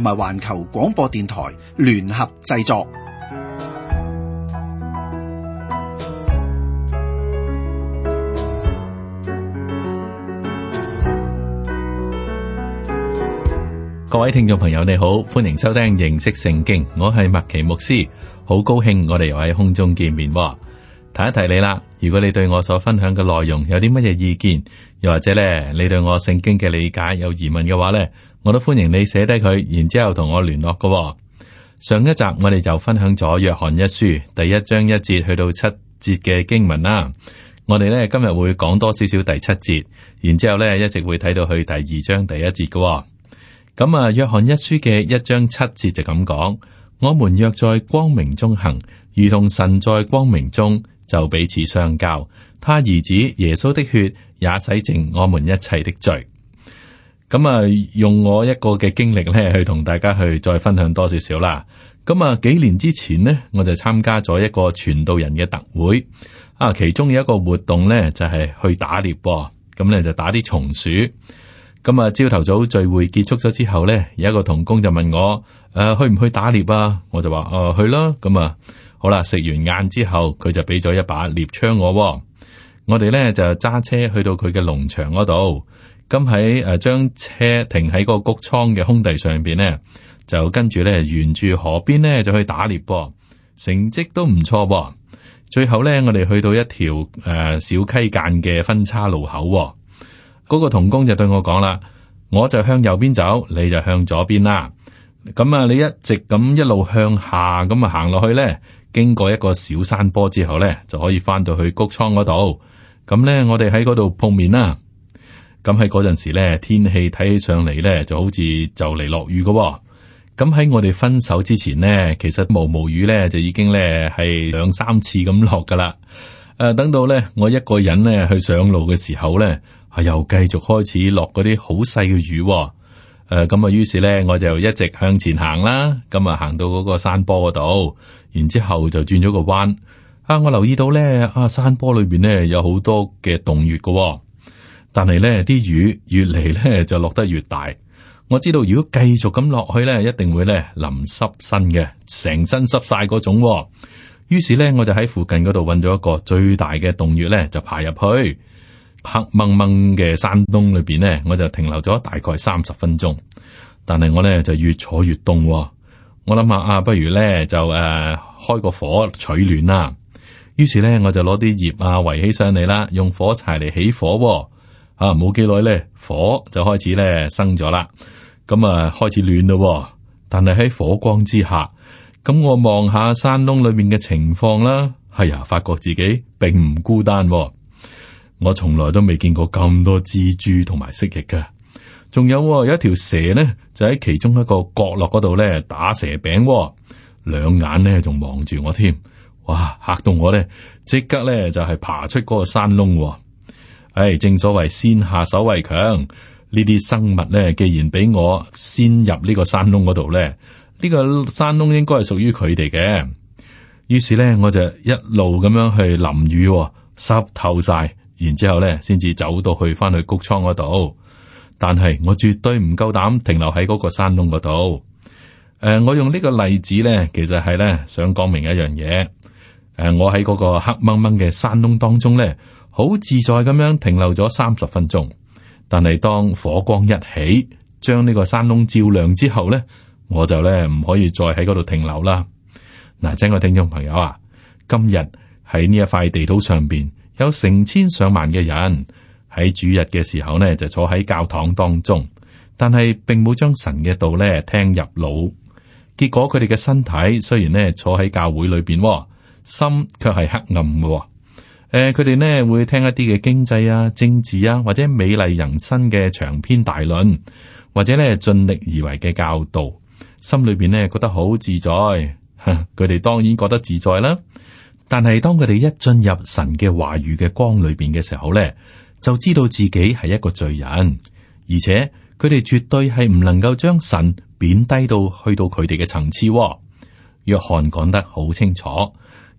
同埋環球廣播電台聯合製作。各位聽眾朋友，你好，歡迎收聽認識聖經。我係麥奇牧師，好高興我哋又喺空中見面。提一提你啦，如果你對我所分享嘅內容有啲乜嘢意見，又或者咧，你對我聖經嘅理解有疑問嘅話咧？我都歡迎你寫低佢，然之後同我聯絡嘅、哦。上一集我哋就分享咗約翰一書第一章一節去到七節嘅經文啦。我哋呢今日會講多少少第七節，然之後呢一直會睇到去第二章第一節嘅、哦。咁、嗯、啊，約翰一書嘅一章七節就咁講：我們若在光明中行，如同神在光明中，就彼此相交。他兒子耶穌的血也洗淨我們一切的罪。咁啊，用我一個嘅經歷咧，去同大家去再分享多少少啦。咁啊，幾年之前呢，我就參加咗一個傳道人嘅特會啊。其中有一個活動咧，就係去打獵，咁咧就打啲松鼠。咁啊，朝頭早聚會結束咗之後咧，有一個同工就問我，誒、啊，去唔去打獵啊？我就話，哦、啊，去啦。咁啊，好啦，食完晏之後，佢就俾咗一把獵槍我。我哋咧就揸車去到佢嘅農場嗰度。咁喺誒，將車停喺嗰個穀倉嘅空地上邊咧，就跟住咧沿住河邊咧就去打獵噃，成績都唔錯噃。最後咧，我哋去到一條誒、呃、小溪間嘅分叉路口，嗰、那個童工就對我講啦：，我就向右邊走，你就向左邊啦。咁啊，你一直咁一路向下咁啊行落去咧，經過一個小山坡之後咧，就可以返到去穀倉嗰度。咁咧，我哋喺嗰度碰面啦。咁喺嗰陣時咧，天氣睇起上嚟咧，就好似就嚟落雨噶。咁喺我哋分手之前咧，其實毛毛雨咧就已經咧係兩三次咁落噶啦。誒、啊，等到咧我一個人咧去上路嘅時候咧，又繼續開始落嗰啲好細嘅雨。誒，咁啊，於是咧我就一直向前行啦。咁啊，行到嗰個山坡嗰度，然之後就轉咗個彎。啊，我留意到咧，啊山坡裏邊咧有好多嘅洞穴噶。但係咧，啲雨越嚟咧就落得越大。我知道如果繼續咁落去咧，一定會咧淋濕身嘅，成身濕晒嗰種。於是咧，我就喺附近嗰度搵咗一個最大嘅洞穴咧，就爬入去黑掹掹嘅山洞裏邊咧，我就停留咗大概三十分鐘。但係我咧就越坐越凍。我諗下啊，不如咧就誒、呃、開個火取暖啦。於是咧，我就攞啲葉啊圍起上嚟啦，用火柴嚟起火。啊，冇幾耐咧，火就開始咧生咗啦，咁啊開始暖咯。但係喺火光之下，咁我望下山窿裏面嘅情況啦，係呀，發覺自己並唔孤單、哦。我從來都未見過咁多蜘蛛同埋蜥蜴嘅，仲有、哦、有一條蛇咧，就喺其中一個角落嗰度咧打蛇餅、哦，兩眼咧仲望住我添，哇嚇到我咧，即刻咧就係、是、爬出嗰個山窿、哦。係正所謂，先下手為強。呢啲生物咧，既然俾我先入呢個山窿嗰度咧，呢、這個山窿應該係屬於佢哋嘅。於是咧，我就一路咁樣去淋雨，濕透晒，然之後咧，先至走到去翻去谷倉嗰度。但係我絕對唔夠膽停留喺嗰個山窿嗰度。誒、呃，我用呢個例子咧，其實係咧想講明一樣嘢。誒、呃，我喺嗰個黑掹掹嘅山窿當中咧，好自在咁樣停留咗三十分鐘，但係當火光一起，將呢個山窿照亮之後咧，我就咧唔可以再喺嗰度停留啦。嗱、啊，請各位聽眾朋友啊，今日喺呢一塊地圖上邊，有成千上萬嘅人喺主日嘅時候咧，就坐喺教堂當中，但係並冇將神嘅道咧聽入腦，結果佢哋嘅身體雖然咧坐喺教會裏邊，心卻係黑暗嘅。誒，佢哋呢會聽一啲嘅經濟啊、政治啊，或者美麗人生嘅長篇大論，或者咧盡力而為嘅教導，心裏邊呢覺得好自在。佢哋當然覺得自在啦。但係當佢哋一進入神嘅話語嘅光裏邊嘅時候呢，就知道自己係一個罪人，而且佢哋絕對係唔能夠將神貶低到去到佢哋嘅層次。約翰講得好清楚。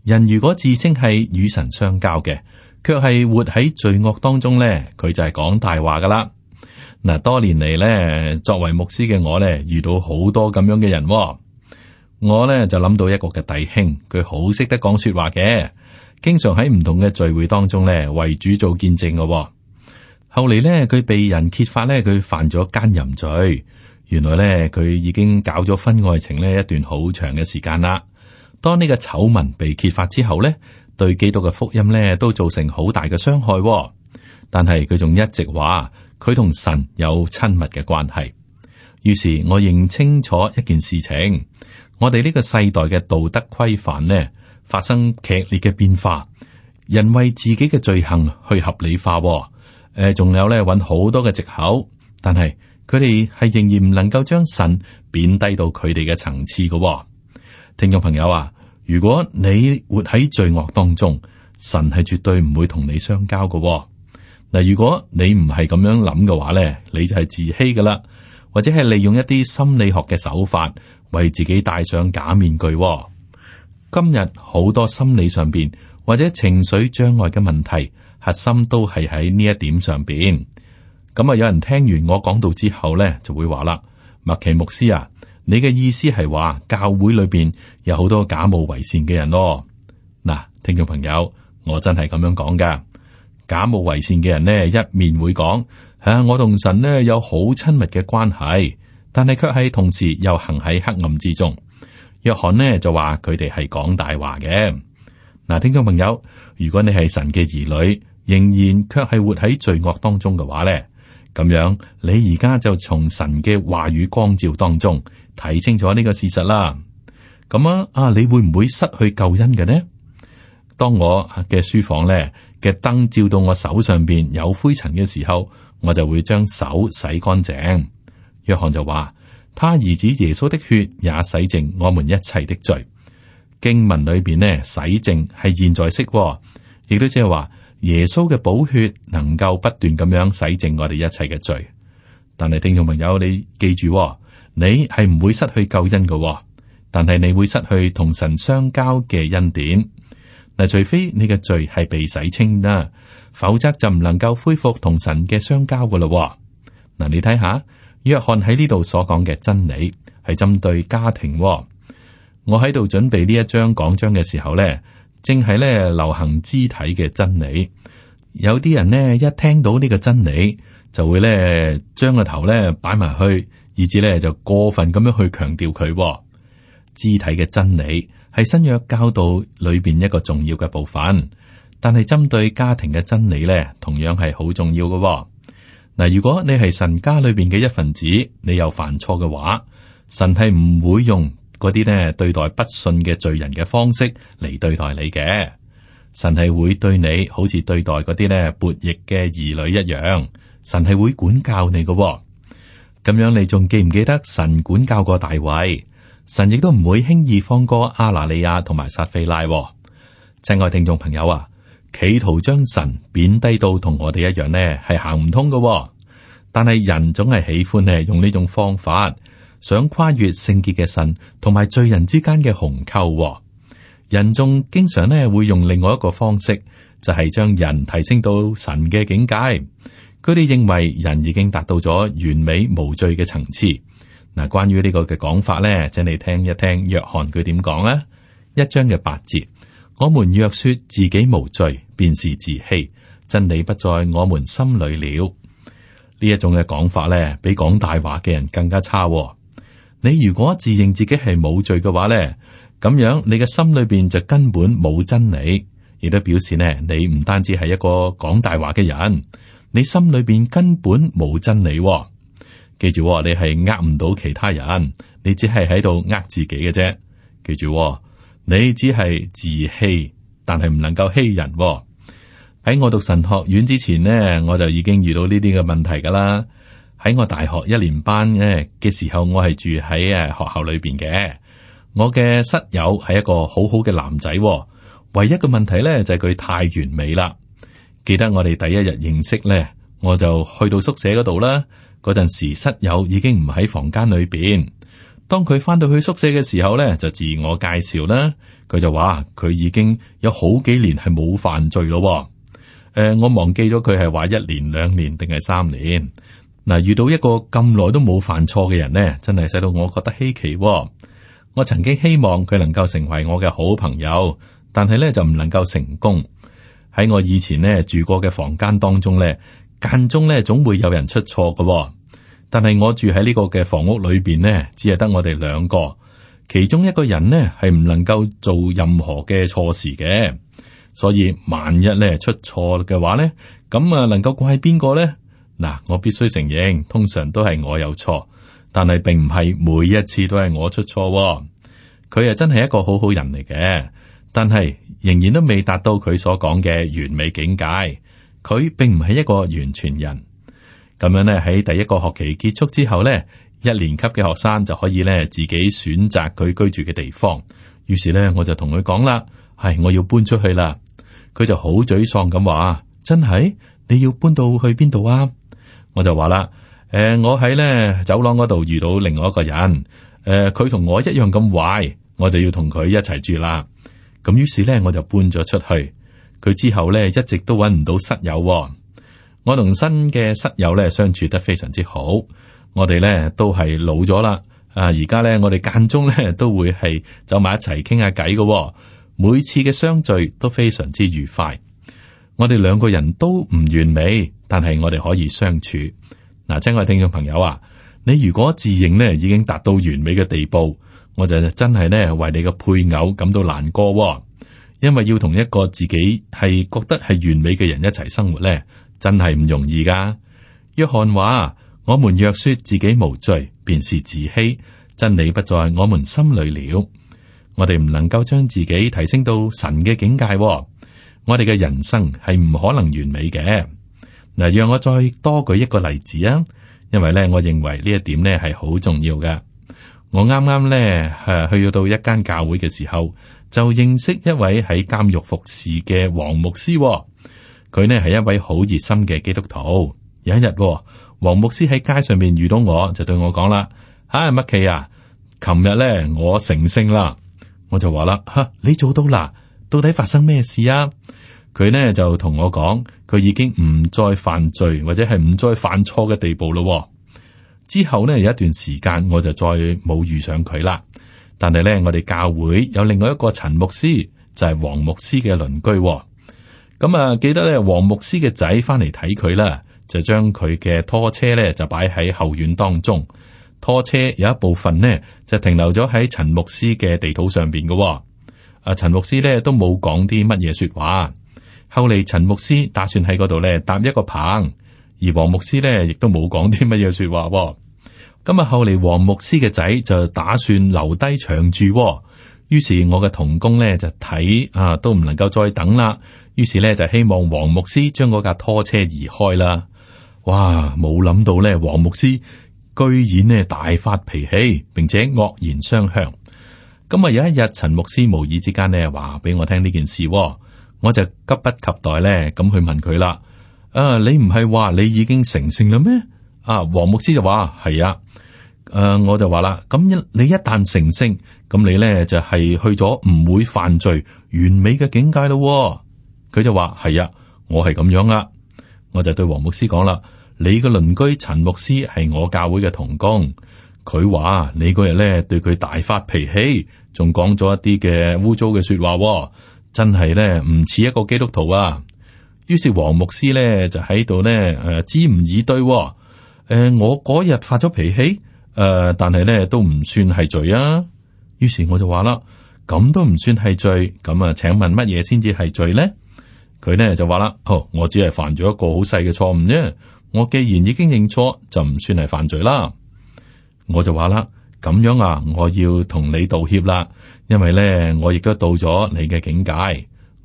人如果自稱係與神相交嘅，卻係活喺罪惡當中呢，佢就係講大話噶啦。嗱，多年嚟呢，作為牧師嘅我、哦、我呢，遇到好多咁樣嘅人。我呢就諗到一個嘅弟兄，佢好識得講說話嘅，經常喺唔同嘅聚會當中呢為主做見證嘅、哦。後嚟呢，佢被人揭發呢，佢犯咗奸淫罪。原來呢，佢已經搞咗婚外情呢一段好長嘅時間啦。當呢個醜聞被揭發之後呢，對基督嘅福音呢都造成好大嘅傷害。但係佢仲一直話佢同神有親密嘅關係。於是我認清楚一件事情，我哋呢個世代嘅道德規範呢，發生劇烈嘅變化，人為自己嘅罪行去合理化。誒、呃，仲有呢，揾好多嘅借口。但係佢哋係仍然唔能夠將神貶低到佢哋嘅層次嘅。聽眾朋友啊，如果你活喺罪惡當中，神係絕對唔會同你相交嘅喎。嗱，如果你唔係咁樣諗嘅話咧，你就係自欺噶啦，或者係利用一啲心理學嘅手法為自己戴上假面具喎。今日好多心理上邊或者情緒障礙嘅問題，核心都係喺呢一點上邊。咁啊，有人聽完我講到之後咧，就會話啦：麥奇牧師啊。你嘅意思係話教會裏邊有好多假冒為善嘅人咯？嗱，聽眾朋友，我真係咁樣講噶。假冒為善嘅人呢，一面會講，啊，我同神呢有好親密嘅關係，但係卻係同時又行喺黑暗之中。約翰呢就話佢哋係講大話嘅。嗱，聽眾朋友，如果你係神嘅兒女，仍然卻係活喺罪惡當中嘅話咧，咁樣你而家就從神嘅話語光照當中。睇清楚呢個事實啦，咁啊啊你會唔會失去救恩嘅呢？當我嘅書房咧嘅燈照到我手上邊有灰塵嘅時候，我就會將手洗乾淨。約翰就話：他兒子耶穌的血也洗淨我們一切的罪。經文裏邊呢，「洗淨」係現在式，哦，亦都即係話耶穌嘅寶血能夠不斷咁樣洗淨我哋一切嘅罪。但係聽眾朋友，你記住哦。你係唔會失去救恩㗎喎，但係你會失去同神相交嘅恩典。嗱，除非你嘅罪係被洗清啦，否則就唔能夠恢復同神嘅相交㗎喇喎。嗱、啊，你睇下，約翰喺呢度所講嘅真理係針對家庭喎。我喺度準備呢一張講章嘅時候咧，正係咧流行肢體嘅真理。有啲人呢，一聽到呢個真理，就會咧將個頭咧擺埋去。以至咧就過分咁樣去強調佢、哦、肢體嘅真理係新約教導裏邊一個重要嘅部分，但係針對家庭嘅真理咧，同樣係好重要噶。嗱，如果你係神家裏邊嘅一份子，你又犯錯嘅話，神係唔會用嗰啲咧對待不信嘅罪人嘅方式嚟對待你嘅，神係會對你好似對待嗰啲咧叛逆嘅兒女一樣，神係會管教你噶、哦。咁樣你仲記唔記得神管教過大衛？神亦都唔會輕易放過阿拿利亞同埋撒非拉。親愛聽眾朋友啊，企圖將神貶低到同我哋一樣呢係行唔通嘅。但係人總係喜歡咧用呢種方法，想跨越聖潔嘅神同埋罪人之間嘅鴻溝。人仲經常呢會用另外一個方式，就係將人提升到神嘅境界。佢哋認為人已經達到咗完美無罪嘅層次。嗱，關於呢個嘅講法咧，請你聽一聽。約翰佢點講咧？一章嘅八字，我們若說自己無罪，便是自欺，真理不在我們心裏了。呢一種嘅講法咧，比講大話嘅人更加差。你如果自認自己係冇罪嘅話咧，咁樣你嘅心裏邊就根本冇真理，亦都表示呢，你唔單止係一個講大話嘅人。你心裏邊根本冇真理喎，記住喎，你係呃唔到其他人，你只係喺度呃自己嘅啫。記住喎，你只係自欺，但係唔能夠欺人喎。喺我讀神學院之前呢，我就已經遇到呢啲嘅問題噶啦。喺我大學一年班呢嘅時候，我係住喺誒學校裏邊嘅，我嘅室友係一個好好嘅男仔喎，唯一嘅問題咧就係佢太完美啦。記得我哋第一日認識呢，我就去到宿舍嗰度啦。嗰陣時，室友已經唔喺房間裏邊。當佢翻到去宿舍嘅時候呢，就自我介紹啦。佢就話佢已經有好幾年係冇犯罪咯。誒、呃，我忘記咗佢係話一年、兩年定係三年。嗱，遇到一個咁耐都冇犯錯嘅人呢，真係使到我覺得稀奇。我曾經希望佢能夠成為我嘅好朋友，但係呢，就唔能夠成功。喺我以前咧住過嘅房間當中咧，間中咧總會有人出錯嘅。但係我住喺呢個嘅房屋裏邊咧，只係得我哋兩個，其中一個人咧係唔能夠做任何嘅錯事嘅。所以萬一咧出錯嘅話咧，咁啊能夠怪邊個咧？嗱，我必須承認，通常都係我有錯，但係並唔係每一次都係我出錯。佢係真係一個好好人嚟嘅。但係仍然都未達到佢所講嘅完美境界，佢並唔係一個完全人咁樣呢，喺第一個學期結束之後呢，一年級嘅學生就可以呢自己選擇佢居住嘅地方。於是呢，我就同佢講啦：，唉，我要搬出去啦。佢就好沮喪咁話：，真係你要搬到去邊度啊？我就話啦：，誒、呃，我喺呢走廊嗰度遇到另外一個人，誒、呃，佢同我一樣咁壞，我就要同佢一齊住啦。咁於是咧，我就搬咗出去。佢之後咧，一直都揾唔到室友，哦。我同新嘅室友咧相處得非常之好。我哋咧都係老咗啦。啊，而家咧我哋間中咧都會係走埋一齊傾下偈嘅。每次嘅相聚都非常之愉快。我哋兩個人都唔完美，但係我哋可以相處。嗱，啊，親愛聽眾朋友啊，你如果自認咧已經達到完美嘅地步。我就真係呢，為你個配偶感到難過喎，因為要同一個自己係覺得係完美嘅人一齊生活呢，真係唔容易噶。約翰話：我們若說自己無罪，便是自欺。真理不在我們心裏了。我哋唔能夠將自己提升到神嘅境界喎。我哋嘅人生係唔可能完美嘅。嗱，讓我再多舉一個例子啊，因為呢，我認為呢一點呢係好重要噶。我啱啱咧，誒去到一間教會嘅時候，就認識一位喺監獄服侍嘅黃牧師、哦。佢呢係一位好熱心嘅基督徒。有一日、哦，黃牧師喺街上面遇到我，就對我講啦，啊，麥琪啊？琴日咧，我成聖啦。我就話啦，吓、啊，你做到啦？到底發生咩事啊？佢呢就同我講，佢已經唔再犯罪，或者係唔再犯錯嘅地步咯、哦。之後呢，有一段時間我就再冇遇上佢啦，但係呢，我哋教會有另外一個陳牧師就係、是、黃牧師嘅鄰居、哦，咁、嗯、啊記得呢，黃牧師嘅仔翻嚟睇佢啦，就將佢嘅拖車呢就擺喺後院當中，拖車有一部分呢就停留咗喺陳牧師嘅地土上邊嘅、哦，啊陳牧師呢都冇講啲乜嘢說話，後嚟陳牧師打算喺嗰度呢搭一個棚。而黃牧師呢，亦都冇講啲乜嘢說話。咁啊，後嚟黃牧師嘅仔就打算留低長住。於是我嘅同工呢，就睇啊，都唔能夠再等啦。於是呢，就希望黃牧師將嗰架拖車移開啦。哇！冇諗到呢，黃牧師居然呢大發脾氣，並且惡言相向。咁啊，有一日陳牧師無意之間呢話俾我聽呢件事，我就急不及待呢咁去問佢啦。啊！你唔係話你已經成聖了咩？啊，黃牧師就話係啊，誒、啊，我就話啦，咁你一旦成聖，咁你咧就係、是、去咗唔會犯罪完美嘅境界咯、哦。佢就話係啊，我係咁樣啊。我就對黃牧師講啦，你嘅鄰居陳牧師係我教會嘅同工，佢話你嗰日咧對佢大發脾氣，仲講咗一啲嘅污糟嘅說話，真係咧唔似一個基督徒啊！於是黃牧師咧就喺度咧誒，支吾以對、哦。誒、呃，我嗰日發咗脾氣，誒、呃，但係咧都唔算係罪啊。於是我就話啦，咁都唔算係罪，咁啊，請問乜嘢先至係罪咧？佢咧就話啦，哦，我只係犯咗一個好細嘅錯誤啫。我既然已經認錯，就唔算係犯罪啦。我就話啦，咁樣啊，我要同你道歉啦，因為咧我亦都到咗你嘅境界，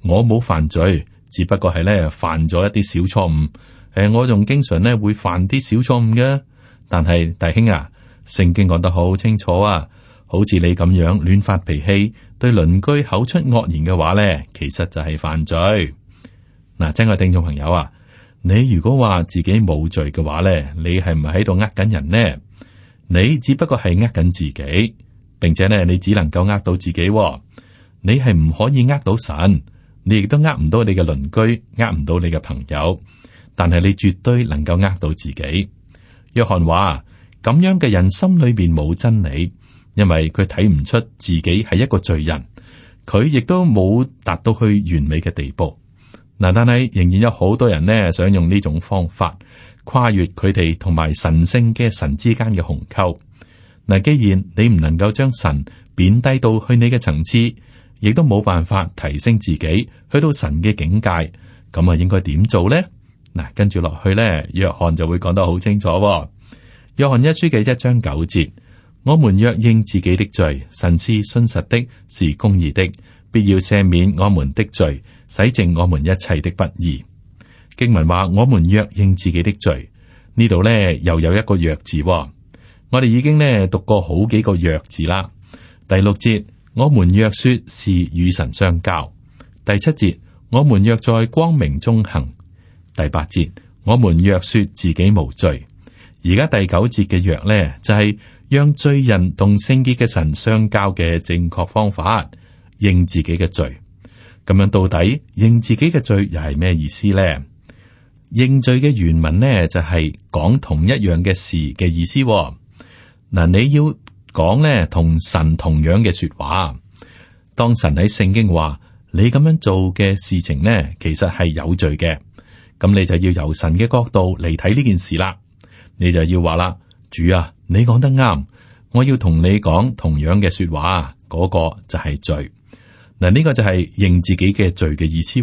我冇犯罪。只不過係咧犯咗一啲小錯誤，誒、呃，我仲經常咧會犯啲小錯誤嘅。但係大兄啊，聖經講得好清楚啊，好似你咁樣亂發脾氣、對鄰居口出惡言嘅話咧，其實就係犯罪。嗱、呃，親愛聽眾朋友啊，你如果話自己冇罪嘅話咧，你係唔係喺度呃緊人呢？你只不過係呃緊自己，並且咧你只能夠呃到自己，啊，你係唔可以呃到神。你亦都呃唔到你嘅鄰居，呃唔到你嘅朋友，但係你絕對能夠呃到自己。約翰話：咁樣嘅人心裏邊冇真理，因為佢睇唔出自己係一個罪人，佢亦都冇達到去完美嘅地步。嗱，但係仍然有好多人呢，想用呢種方法跨越佢哋同埋神聖嘅神之間嘅鴻溝。嗱，既然你唔能夠將神貶低到去你嘅層次，亦都冇辦法提升自己，去到神嘅境界，咁啊應該點做呢？嗱，跟住落去呢，約翰就會講得好清楚。約翰一書嘅一章九節，我們若認自己的罪，神是信實的，是公義的，必要赦免我們的罪，洗淨我們一切的不義」。經文話，我們若認自己的罪，呢度呢又有一個若字，我哋已經呢讀過好幾個若字啦。第六節。我們若說是與神相交，第七節；我們若在光明中行，第八節；我們若說自己無罪，而家第九節嘅若呢，就係、是、讓罪人同聖潔嘅神相交嘅正確方法，認自己嘅罪。咁樣到底認自己嘅罪又係咩意思呢？認罪嘅原文呢，就係、是、講同一樣嘅事嘅意思、哦。嗱，你要。講呢同神同樣嘅說話，當神喺聖經話你咁樣做嘅事情呢，其實係有罪嘅。咁你就要由神嘅角度嚟睇呢件事啦。你就要話啦，主啊，你講得啱，我要同你講同樣嘅說話，嗰個就係罪嗱。呢個就係認自己嘅罪嘅意思。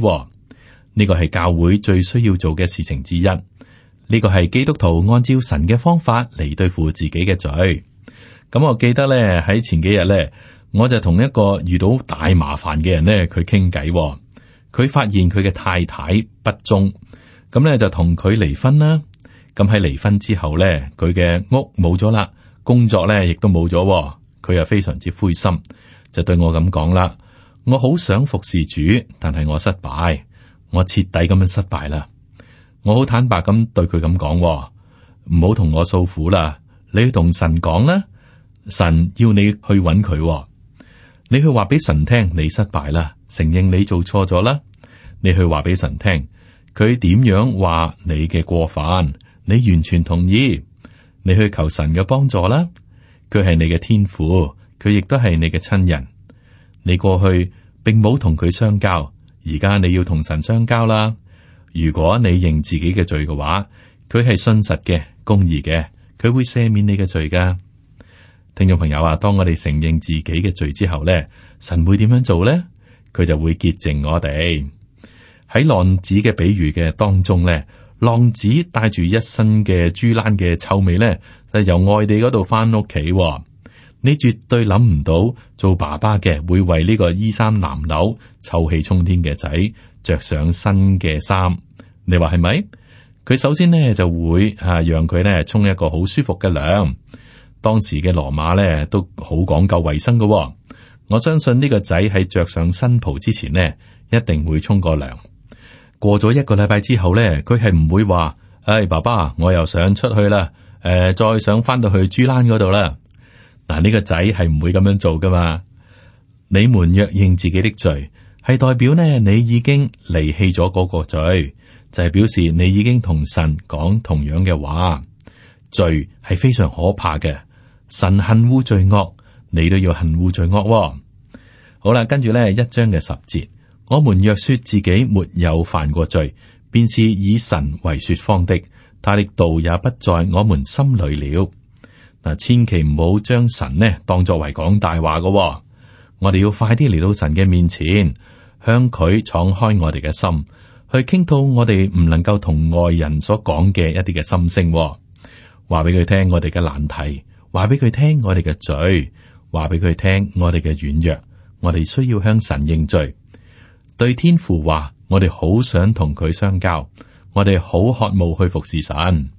呢個係教會最需要做嘅事情之一。呢個係基督徒按照神嘅方法嚟對付自己嘅罪。咁我記得咧喺前幾日咧，我就同一個遇到大麻煩嘅人咧，佢傾偈。佢發現佢嘅太太不忠，咁咧就同佢離婚啦。咁喺離婚之後咧，佢嘅屋冇咗啦，工作咧亦都冇咗。佢又非常之灰心，就對我咁講啦：「我好想服侍主，但係我失敗，我徹底咁樣失敗啦。」我好坦白咁對佢咁講：「唔好同我訴苦啦，你要同神講啦。」神要你去揾佢，哦，你去話俾神聽，你失敗啦，承認你做錯咗啦。你去話俾神聽，佢點樣話你嘅過犯，你完全同意。你去求神嘅幫助啦，佢係你嘅天父，佢亦都係你嘅親人。你過去並冇同佢相交，而家你要同神相交啦。如果你認自己嘅罪嘅話，佢係信實嘅，公義嘅，佢會赦免你嘅罪㗎。聽眾朋友啊，當我哋承認自己嘅罪之後咧，神會點樣做咧？佢就會潔淨我哋。喺浪子嘅比喻嘅當中咧，浪子帶住一身嘅豬欄嘅臭味咧，就由外地嗰度返屋企。你絕對諗唔到，做爸爸嘅會為呢個衣衫襤褸、臭氣沖天嘅仔着上新嘅衫。你話係咪？佢首先咧就會吓讓佢咧沖一個好舒服嘅涼。當時嘅羅馬呢都好講究衛生噶、哦，我相信呢個仔喺着上新袍之前呢，一定會沖個涼。過咗一個禮拜之後呢，佢係唔會話：唉、哎，爸爸，我又想出去啦，誒、呃，再想翻到去豬欄嗰度啦。嗱，呢個仔係唔會咁樣做噶嘛。你們若認自己的罪，係代表呢，你已經離棄咗嗰個罪，就係表示你已經同神講同樣嘅話。罪係非常可怕嘅。神恨污罪惡，你都要恨污罪惡、哦。好啦，跟住呢一章嘅十節，我們若說自己沒有犯過罪，便是以神為說謊的，他的道也不在我們心裏了。嗱，千祈唔好將神呢當作為講大話嘅。我哋要快啲嚟到神嘅面前，向佢敞開我哋嘅心，去傾吐我哋唔能夠同外人所講嘅一啲嘅心聲、哦，話俾佢聽我哋嘅難題。話俾佢聽，我哋嘅罪；話俾佢聽，我哋嘅軟弱。我哋需要向神認罪，對天父話：我哋好想同佢相交，我哋好渴望去服侍神。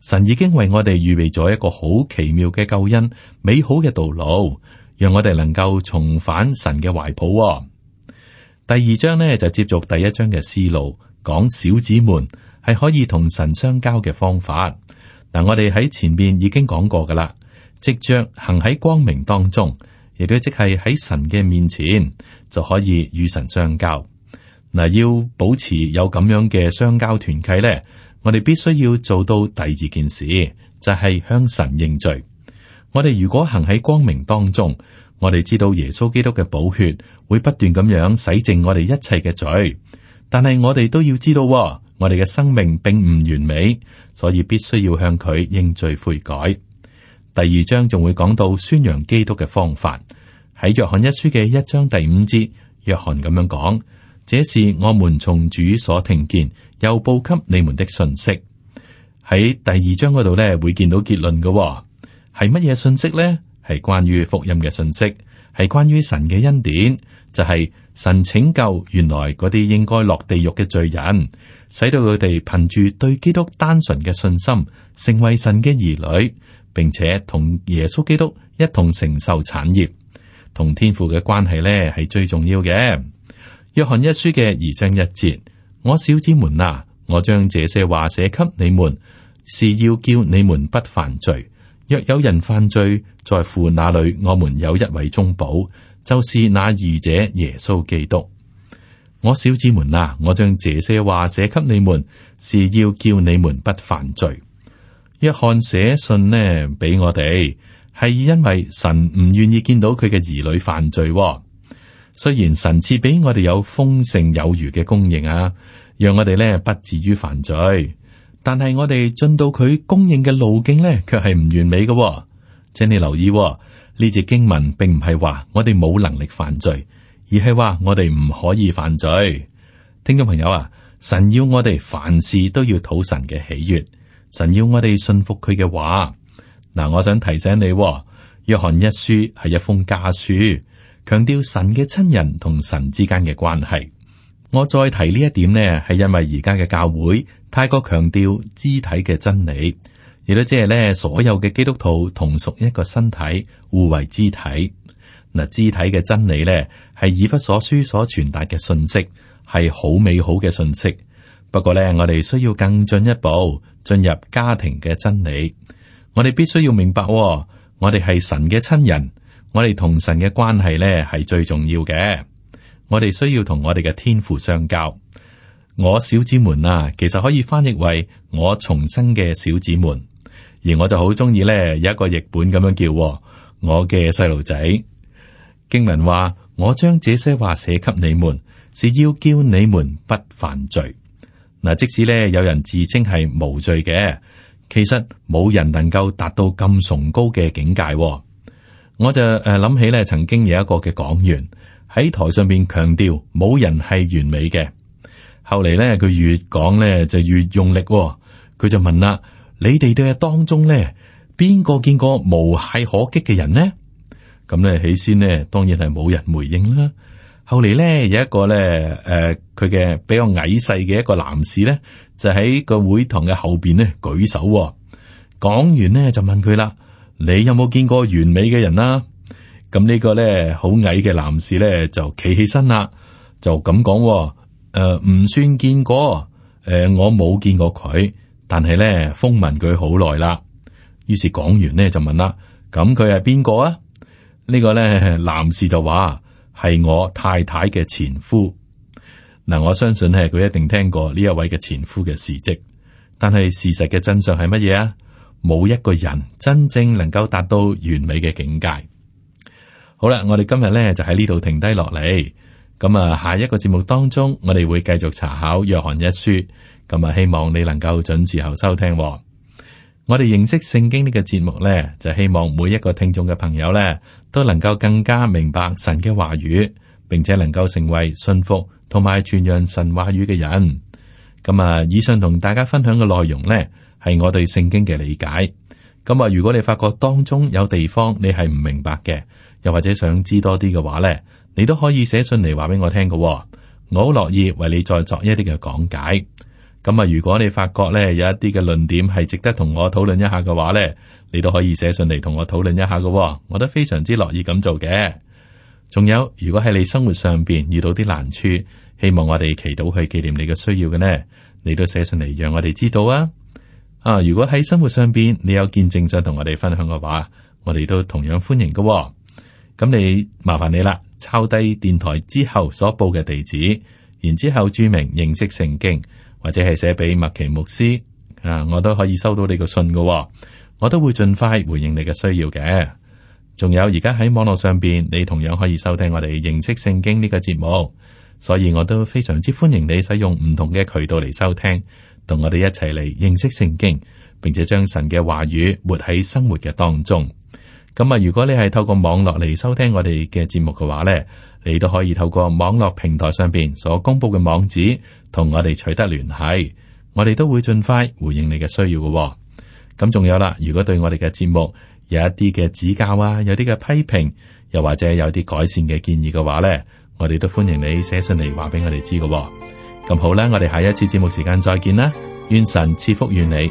神已經為我哋預備咗一個好奇妙嘅救恩，美好嘅道路，讓我哋能夠重返神嘅懷抱。第二章呢，就接續第一章嘅思路，講小子們係可以同神相交嘅方法。嗱，我哋喺前面已經講過噶啦。即著行喺光明當中，亦都即係喺神嘅面前，就可以與神相交。嗱，要保持有咁樣嘅相交團契咧，我哋必須要做到第二件事，就係向神認罪。我哋如果行喺光明當中，我哋知道耶穌基督嘅寶血會不斷咁樣洗淨我哋一切嘅罪，但係我哋都要知道，我哋嘅生命並唔完美，所以必須要向佢認罪悔改。第二章仲會講到宣揚基督嘅方法。喺約翰一書嘅一章第五節，約翰咁樣講，這是我們從主所聽見，又報給你們的信息。喺第二章嗰度呢，會見到結論嘅係乜嘢信息呢？係關於福音嘅信息，係關於神嘅恩典，就係、是、神拯救原來嗰啲應該落地獄嘅罪人，使到佢哋憑住對基督單純嘅信心，成為神嘅兒女。並且同耶穌基督一同承受產業，同天父嘅關係呢，係最重要嘅。約翰一書嘅二章一節：我小子們啊，我將這些話寫給你們，是要叫你們不犯罪。若有人犯罪，在父那裏，我們有一位中保，就是那義者耶穌基督。我小子們啊，我將這些話寫給你們，是要叫你們不犯罪。約翰寫信呢俾我哋，係因為神唔願意見到佢嘅兒女犯罪。雖然神賜俾我哋有豐盛有餘嘅供應啊，讓我哋咧不至於犯罪，但係我哋進到佢供應嘅路徑咧，卻係唔完美嘅。請你留意呢節經文，並唔係話我哋冇能力犯罪，而係話我哋唔可以犯罪。聽眾朋友啊，神要我哋凡事都要討神嘅喜悅。神要我哋信服佢嘅話，嗱，我想提醒你，約翰一書係一封家書，強調神嘅親人同神之間嘅關係。我再提呢一點咧，係因為而家嘅教會太過強調肢體嘅真理，亦都即係咧所有嘅基督徒同屬一個身體，互為肢體。嗱，肢體嘅真理咧係以弗所書所傳達嘅信息，係好美好嘅信息。.不過咧，我哋需要更進一步進入家庭嘅真理。我哋必須要明白，哦，我哋係神嘅親人，我哋同神嘅關係咧係最重要嘅。我哋需要同我哋嘅天父相交。我小子們啊，其實可以翻譯為我重生嘅小子們。而我就好中意咧有一個譯本咁樣叫、哦、我嘅細路仔。經文話：我將這些話寫給你們，是要叫你們不犯罪。嗱，即使咧有人自稱係無罪嘅，其實冇人能夠達到咁崇高嘅境界。我就誒諗起咧，曾經有一個嘅講員喺台上邊強調，冇人係完美嘅。後嚟咧，佢越講咧就越用力，佢就問啦：，你哋對當中咧，邊個見過無懈可擊嘅人呢？咁咧，起先咧，當然係冇人回應啦。後嚟咧有一個咧誒，佢、呃、嘅比較矮細嘅一個男士咧，就喺個會堂嘅後邊咧舉手、哦。講完咧就問佢啦：，你有冇見過完美嘅人啦、啊？咁呢個咧好矮嘅男士咧就企起身啦，就咁講：，誒、哦，唔、呃、算見過，誒、呃，我冇見過佢，但係咧風聞佢好耐啦。於是講完咧就問啦：，咁佢係邊個啊？這個、呢個咧男士就話。係我太太嘅前夫嗱，我相信係佢一定聽過呢一位嘅前夫嘅事蹟，但係事實嘅真相係乜嘢啊？冇一個人真正能夠達到完美嘅境界。好啦，我哋今日咧就喺呢度停低落嚟，咁、嗯、啊，下一個節目當中，我哋會繼續查考約翰一書，咁啊、嗯、希望你能夠準時候收聽、哦。我哋認識聖經呢、這個節目咧，就希望每一個聽眾嘅朋友咧。都能夠更加明白神嘅話語，並且能夠成為信服同埋傳揚神話語嘅人。咁啊，以上同大家分享嘅內容呢，係我對聖經嘅理解。咁啊，如果你發覺當中有地方你係唔明白嘅，又或者想知多啲嘅話呢，你都可以寫信嚟話俾我聽噶，我好樂意為你再作一啲嘅講解。咁啊！如果你發覺咧有一啲嘅論點係值得同我討論一下嘅話咧，你都可以寫信嚟同我討論一下嘅，哦。我都非常之樂意咁做嘅。仲有，如果喺你生活上邊遇到啲難處，希望我哋祈禱去紀念你嘅需要嘅呢，你都寫信嚟讓我哋知道啊。啊，如果喺生活上邊你有見證想同我哋分享嘅話，我哋都同樣歡迎嘅，哦。咁你麻煩你啦，抄低電台之後所報嘅地址，然之後注明認識聖經。或者係寫俾麥奇牧師啊，我都可以收到你個信噶哦，我都會盡快回應你嘅需要嘅。仲有而家喺網絡上邊，你同樣可以收聽我哋認識聖經呢個節目，所以我都非常之歡迎你使用唔同嘅渠道嚟收聽，同我哋一齊嚟認識聖經，並且將神嘅話語活喺生活嘅當中。咁啊，如果你係透過網絡嚟收聽我哋嘅節目嘅話呢。你都可以透過網絡平台上邊所公佈嘅網址，同我哋取得聯繫，我哋都會盡快回應你嘅需要嘅。咁仲有啦，如果對我哋嘅節目有一啲嘅指教啊，有啲嘅批評，又或者有啲改善嘅建議嘅話呢，我哋都歡迎你寫信嚟話俾我哋知嘅。咁好啦，我哋下一次節目時間再見啦，願神賜福於你。